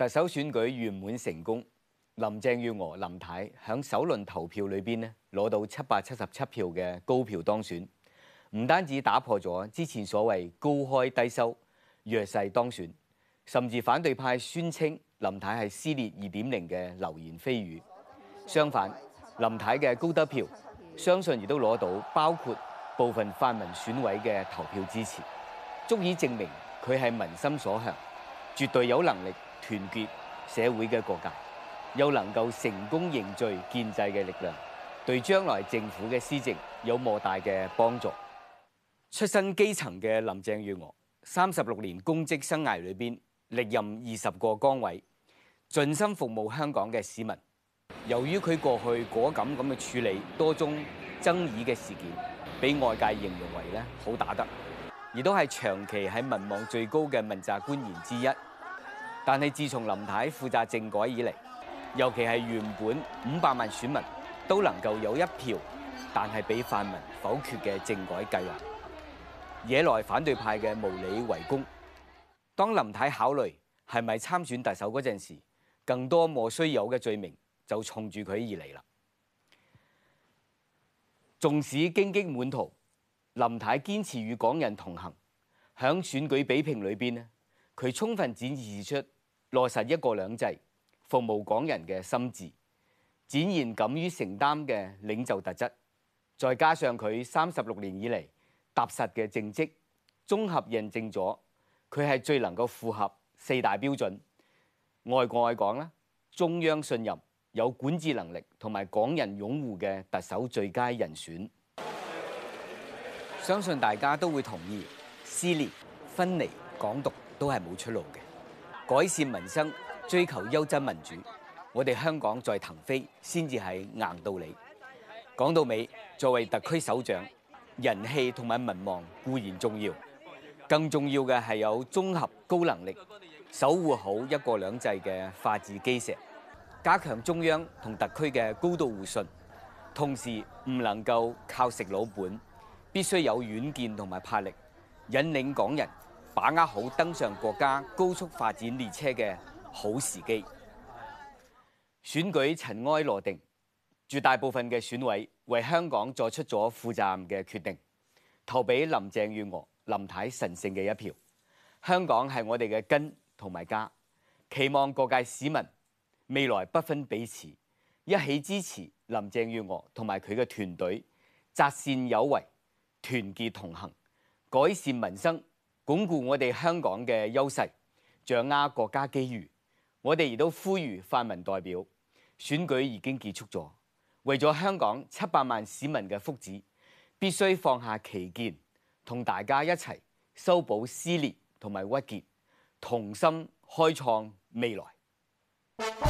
特首選舉圓滿成功，林鄭月娥、林太喺首輪投票裏邊呢攞到七百七十七票嘅高票當選，唔單止打破咗之前所謂高開低收、弱勢當選，甚至反對派宣稱林太係撕裂二點零嘅流言蜚語。相反，林太嘅高得票相信亦都攞到包括部分泛民選委嘅投票支持，足以證明佢係民心所向，絕對有能力。團結社會嘅國家，又能夠成功凝聚建制嘅力量，對將來政府嘅施政有莫大嘅幫助。出身基層嘅林鄭月娥，三十六年公職生涯裏邊，歷任二十個崗位，盡心服務香港嘅市民。由於佢過去果敢咁嘅處理多宗爭議嘅事件，俾外界形容為咧好打得，亦都係長期喺民望最高嘅問責官員之一。但係，自從林太負責政改以嚟，尤其係原本五百萬選民都能夠有一票，但係俾泛民否決嘅政改計劃，惹來反對派嘅無理圍攻。當林太考慮係咪參選特首嗰陣時，更多莫須有嘅罪名就沖住佢而嚟啦。縱使荊棘滿途，林太堅持與港人同行，喺選舉比拼裏邊咧。佢充分展示出落實一國兩制、服務港人嘅心智，展現敢於承擔嘅領袖特質，再加上佢三十六年以嚟踏實嘅政績，綜合印證咗佢係最能夠符合四大標準：愛國愛港啦、中央信任、有管治能力同埋港人擁護嘅特首最佳人選。相信大家都會同意，撕裂、分離。港獨都係冇出路嘅。改善民生，追求優質民主，我哋香港再騰飛先至係硬道理。講到尾，作為特區首長，人氣同埋民望固然重要，更重要嘅係有綜合高能力，守護好一國兩制嘅法治基石，加強中央同特區嘅高度互信，同時唔能夠靠食老本，必須有遠見同埋魄力，引領港人。把握好登上國家高速發展列車嘅好時機，選舉塵埃落定，絕大部分嘅選委為香港作出咗負責任嘅決定，投畀林鄭月娥林太神聖嘅一票。香港係我哋嘅根同埋家，期望各界市民未來不分彼此，一起支持林鄭月娥同埋佢嘅團隊，擇善有為，團結同行，改善民生。鞏固我哋香港嘅優勢，掌握國家機遇。我哋亦都呼籲泛民代表，選舉已經結束咗，為咗香港七百萬市民嘅福祉，必須放下歧見，同大家一齊修補撕裂同埋鬱結，同心開創未來。